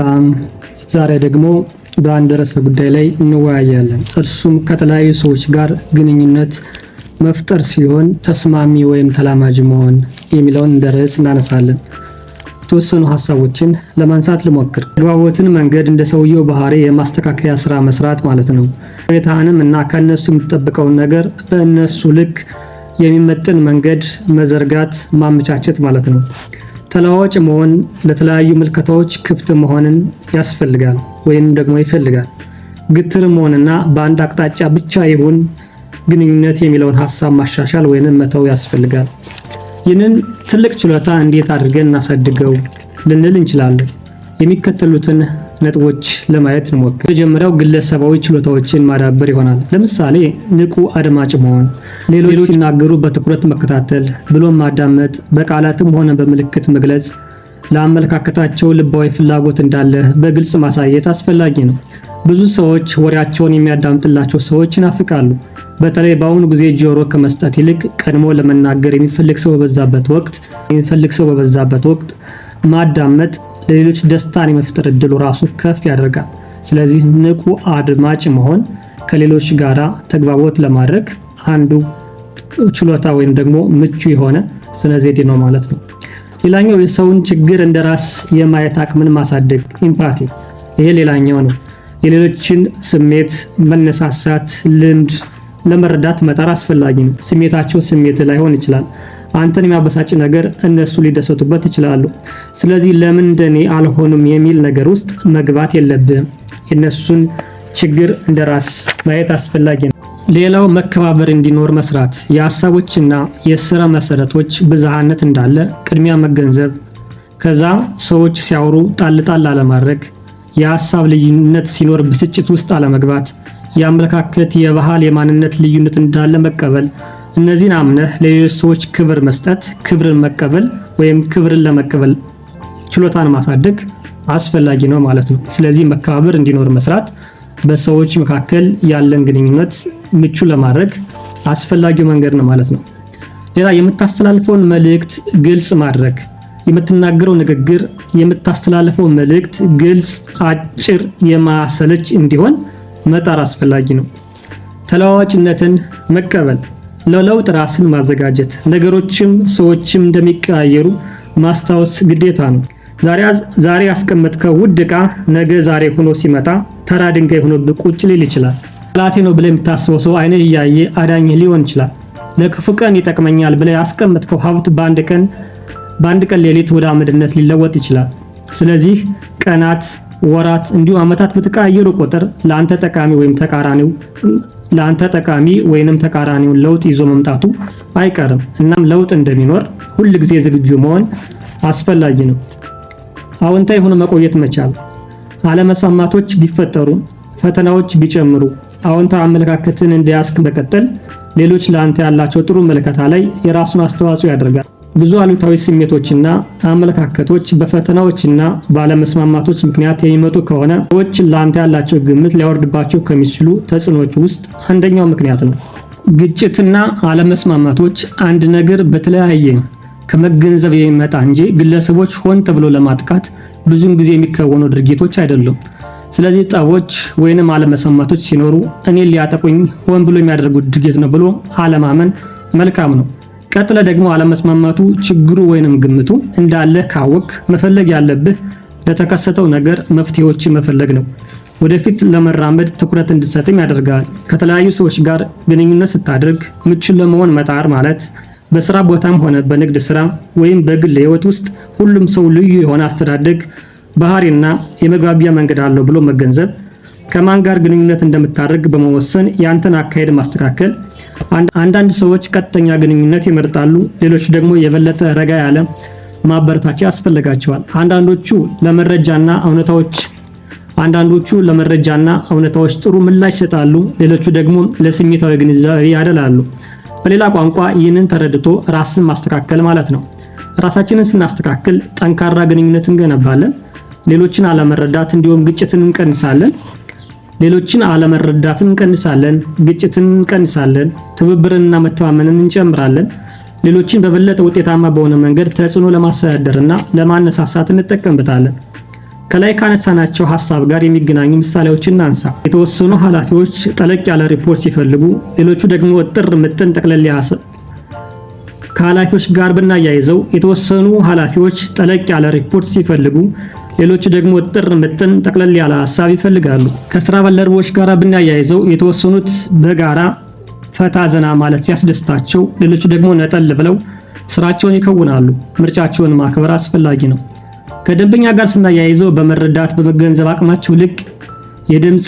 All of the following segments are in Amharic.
በጣም ዛሬ ደግሞ በአንድ ርዕሰ ጉዳይ ላይ እንወያያለን። እርሱም ከተለያዩ ሰዎች ጋር ግንኙነት መፍጠር ሲሆን ተስማሚ ወይም ተላማጅ መሆን የሚለውን እንደ ርዕስ እናነሳለን። የተወሰኑ ሀሳቦችን ለማንሳት ልሞክር። ተግባቦትን መንገድ እንደ ሰውየው ባህሪ የማስተካከያ ስራ መስራት ማለት ነው። ሁኔታህንም እና ከእነሱ የምትጠብቀውን ነገር በእነሱ ልክ የሚመጥን መንገድ መዘርጋት ማመቻቸት ማለት ነው። ተለዋዋጭ መሆን ለተለያዩ ምልከታዎች ክፍት መሆንን ያስፈልጋል ወይም ደግሞ ይፈልጋል። ግትር መሆንና በአንድ አቅጣጫ ብቻ ይሁን ግንኙነት የሚለውን ሀሳብ ማሻሻል ወይንም መተው ያስፈልጋል። ይህንን ትልቅ ችሎታ እንዴት አድርገን እናሳድገው ልንል እንችላለን። የሚከተሉትን ነጥቦች ለማየት እንሞክር። መጀመሪያው ግለሰባዊ ችሎታዎችን ማዳበር ይሆናል። ለምሳሌ ንቁ አድማጭ መሆን፣ ሌሎች ሲናገሩ በትኩረት መከታተል ብሎም ማዳመጥ፣ በቃላትም ሆነ በምልክት መግለጽ ለአመለካከታቸው ልባዊ ፍላጎት እንዳለ በግልጽ ማሳየት አስፈላጊ ነው። ብዙ ሰዎች ወሬያቸውን የሚያዳምጥላቸው ሰዎች ይናፍቃሉ። በተለይ በአሁኑ ጊዜ ጆሮ ከመስጠት ይልቅ ቀድሞ ለመናገር የሚፈልግ ሰው በበዛበት ወቅት የሚፈልግ ሰው በበዛበት ወቅት ማዳመጥ ለሌሎች ደስታን የመፍጠር እድሉ ራሱ ከፍ ያደርጋል። ስለዚህ ንቁ አድማጭ መሆን ከሌሎች ጋራ ተግባቦት ለማድረግ አንዱ ችሎታ ወይም ደግሞ ምቹ የሆነ ስነ ነው ማለት ነው። ሌላኛው የሰውን ችግር እንደ ራስ የማየት አቅምን ማሳደግ ኢምፓቲ፣ ይሄ ሌላኛው ነው። የሌሎችን ስሜት መነሳሳት ልምድ ለመረዳት መጣር አስፈላጊ ነው። ስሜታቸው ስሜት ላይሆን ይችላል። አንተን የሚያበሳጭ ነገር እነሱ ሊደሰቱበት ይችላሉ። ስለዚህ ለምን እንደኔ አልሆኑም የሚል ነገር ውስጥ መግባት የለብህም። የእነሱን ችግር እንደ ራስ ማየት አስፈላጊ ነው። ሌላው መከባበር እንዲኖር መስራት፣ የሀሳቦችና የስራ መሰረቶች ብዝሃነት እንዳለ ቅድሚያ መገንዘብ፣ ከዛ ሰዎች ሲያወሩ ጣልጣል አለማድረግ፣ የሀሳብ ልዩነት ሲኖር ብስጭት ውስጥ አለመግባት፣ የአመለካከት፣ የባህል፣ የማንነት ልዩነት እንዳለ መቀበል እነዚህን አምነህ ለሌሎች ሰዎች ክብር መስጠት ክብርን መቀበል ወይም ክብርን ለመቀበል ችሎታን ማሳደግ አስፈላጊ ነው ማለት ነው። ስለዚህ መከባበር እንዲኖር መስራት በሰዎች መካከል ያለን ግንኙነት ምቹ ለማድረግ አስፈላጊው መንገድ ነው ማለት ነው። ሌላ የምታስተላልፈውን መልእክት ግልጽ ማድረግ የምትናገረው ንግግር የምታስተላልፈው መልእክት ግልጽ፣ አጭር፣ የማሰለች እንዲሆን መጣር አስፈላጊ ነው። ተለዋዋጭነትን መቀበል ለለውጥ ራስን ማዘጋጀት፣ ነገሮችም ሰዎችም እንደሚቀያየሩ ማስታወስ ግዴታ ነው። ዛሬ ያስቀመጥከው ውድ ዕቃ ነገ ዛሬ ሆኖ ሲመጣ ተራ ድንጋይ ሆኖብህ ቁጭ ሊል ይችላል። ጠላቴ ነው ብለህ የምታስበው ሰው አይነ እያየ አዳኝህ ሊሆን ይችላል። ለክፉ ቀን ይጠቅመኛል ብለህ ያስቀመጥከው ሀብት በአንድ ቀን በአንድ ቀን ሌሊት ወደ አመድነት ሊለወጥ ይችላል። ስለዚህ ቀናት፣ ወራት እንዲሁም ዓመታት በተቀያየሩ ቁጥር ለአንተ ጠቃሚ ወይም ተቃራኒው ለአንተ ጠቃሚ ወይንም ተቃራኒውን ለውጥ ይዞ መምጣቱ አይቀርም። እናም ለውጥ እንደሚኖር ሁል ጊዜ ዝግጁ መሆን አስፈላጊ ነው። አዎንታዊ ሆኖ መቆየት መቻል። አለመስማማቶች ቢፈጠሩ፣ ፈተናዎች ቢጨምሩ፣ አዎንታዊ አመለካከትን እንደያዝክ መቀጠል ሌሎች ለአንተ ያላቸው ጥሩ ምልከታ ላይ የራሱን አስተዋጽኦ ያደርጋል። ብዙ አሉታዊ ስሜቶችና አመለካከቶች በፈተናዎችና ባለመስማማቶች ምክንያት የሚመጡ ከሆነ ሰዎች ለአንተ ያላቸው ግምት ሊያወርድባቸው ከሚችሉ ተጽዕኖች ውስጥ አንደኛው ምክንያት ነው። ግጭትና አለመስማማቶች አንድ ነገር በተለያየ ከመገንዘብ የሚመጣ እንጂ ግለሰቦች ሆን ተብሎ ለማጥቃት ብዙውን ጊዜ የሚከወኑ ድርጊቶች አይደሉም። ስለዚህ ጠቦች ወይንም አለመስማማቶች ሲኖሩ እኔ ሊያጠቁኝ ሆን ብሎ የሚያደርጉት ድርጊት ነው ብሎ አለማመን መልካም ነው። ቀጥለ ደግሞ አለመስማማቱ ችግሩ ወይንም ግምቱ እንዳለ ካወቅ መፈለግ ያለብህ ለተከሰተው ነገር መፍትሄዎች መፈለግ ነው። ወደፊት ለመራመድ ትኩረት እንድሰጥም ያደርጋል። ከተለያዩ ሰዎች ጋር ግንኙነት ስታደርግ ምቹ ለመሆን መጣር ማለት በስራ ቦታም ሆነ በንግድ ስራ ወይም በግል ህይወት ውስጥ ሁሉም ሰው ልዩ የሆነ አስተዳደግ ባህሪና የመግባቢያ መንገድ አለው ብሎ መገንዘብ ከማን ጋር ግንኙነት እንደምታደርግ በመወሰን ያንተን አካሄድ ማስተካከል። አንዳንድ ሰዎች ቀጥተኛ ግንኙነት ይመርጣሉ፣ ሌሎች ደግሞ የበለጠ ረጋ ያለ ማበረታቻ ያስፈልጋቸዋል። አንዳንዶቹ ለመረጃና እውነታዎች አንዳንዶቹ ለመረጃና እውነታዎች ጥሩ ምላሽ ይሰጣሉ፣ ሌሎቹ ደግሞ ለስሜታዊ ግንዛቤ ያደላሉ። በሌላ ቋንቋ ይህንን ተረድቶ ራስን ማስተካከል ማለት ነው። ራሳችንን ስናስተካክል ጠንካራ ግንኙነት እንገነባለን። ሌሎችን አለመረዳት እንዲሁም ግጭትን እንቀንሳለን። ሌሎችን አለመረዳትን እንቀንሳለን፣ ግጭትን እንቀንሳለን፣ ትብብርንና መተማመንን እንጨምራለን። ሌሎችን በበለጠ ውጤታማ በሆነ መንገድ ተጽዕኖ ለማስተዳደርና ለማነሳሳት እንጠቀምበታለን። ከላይ ካነሳናቸው ሀሳብ ጋር የሚገናኙ ምሳሌዎችን እናንሳ። የተወሰኑ ኃላፊዎች ጠለቅ ያለ ሪፖርት ሲፈልጉ፣ ሌሎቹ ደግሞ እጥር ምጥን ጠቅለል ያሰ ከኃላፊዎች ጋር ብናያይዘው የተወሰኑ ኃላፊዎች ጠለቅ ያለ ሪፖርት ሲፈልጉ፣ ሌሎች ደግሞ ጥር ምጥን ጠቅለል ያለ ሀሳብ ይፈልጋሉ። ከስራ ባልደረቦች ጋር ብናያይዘው የተወሰኑት በጋራ ፈታ ዘና ማለት ሲያስደስታቸው፣ ሌሎች ደግሞ ነጠል ብለው ስራቸውን ይከውናሉ። ምርጫቸውን ማክበር አስፈላጊ ነው። ከደንበኛ ጋር ስናያይዘው በመረዳት በመገንዘብ አቅማቸው ልክ የድምፅ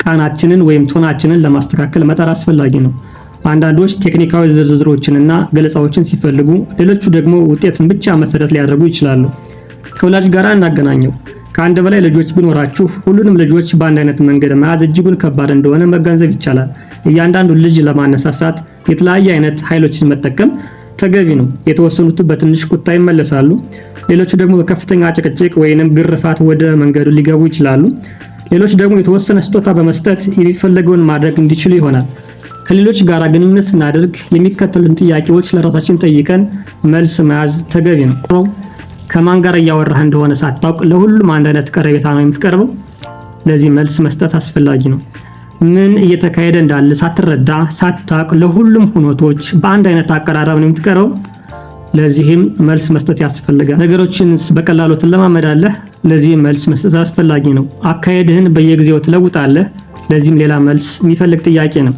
ቃናችንን ወይም ቶናችንን ለማስተካከል መጣር አስፈላጊ ነው። አንዳንዶች ቴክኒካዊ ዝርዝሮችንና ገለጻዎችን ሲፈልጉ፣ ሌሎቹ ደግሞ ውጤትን ብቻ መሰረት ሊያደርጉ ይችላሉ። ከወላጅ ጋር እናገናኘው። ከአንድ በላይ ልጆች ቢኖራችሁ ሁሉንም ልጆች በአንድ አይነት መንገድ መያዝ እጅጉን ከባድ እንደሆነ መገንዘብ ይቻላል። እያንዳንዱ ልጅ ለማነሳሳት የተለያየ አይነት ኃይሎችን መጠቀም ተገቢ ነው። የተወሰኑት በትንሽ ቁጣ ይመለሳሉ፣ ሌሎቹ ደግሞ በከፍተኛ ጭቅጭቅ ወይንም ግርፋት ወደ መንገዱ ሊገቡ ይችላሉ። ሌሎች ደግሞ የተወሰነ ስጦታ በመስጠት የሚፈለገውን ማድረግ እንዲችሉ ይሆናል። ከሌሎች ጋር ግንኙነት ስናደርግ የሚከተሉን ጥያቄዎች ለራሳችን ጠይቀን መልስ መያዝ ተገቢ ነው። ከማን ጋር እያወራህ እንደሆነ ሳታውቅ ለሁሉም አንድ አይነት ቀረቤታ ነው የምትቀርበው? ለዚህ መልስ መስጠት አስፈላጊ ነው። ምን እየተካሄደ እንዳለ ሳትረዳ ሳታውቅ ለሁሉም ሁነቶች በአንድ አይነት አቀራረብ ነው የምትቀርበው? ለዚህም መልስ መስጠት ያስፈልጋል። ነገሮችን በቀላሉ ትለማመዳለህ። ለዚህ መልስ መስጠት አስፈላጊ ነው። አካሄድህን በየጊዜው ትለውጣለህ። ለዚህም ሌላ መልስ የሚፈልግ ጥያቄ ነው።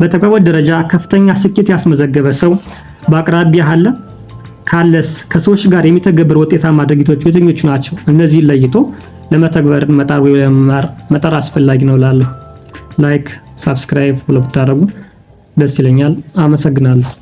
በተቋወት ደረጃ ከፍተኛ ስኬት ያስመዘገበ ሰው በአቅራቢያህ አለ? ካለስ ከሰዎች ጋር የሚተገበር ውጤታማ ድርጊቶች የትኞቹ ናቸው? እነዚህን ለይቶ ለመተግበር መጣር ወይ ለመማር መጣር አስፈላጊ ነው እላለሁ። ላይክ፣ ሳብስክራይብ ብሎ ብታደርጉ ደስ ይለኛል። አመሰግናለሁ።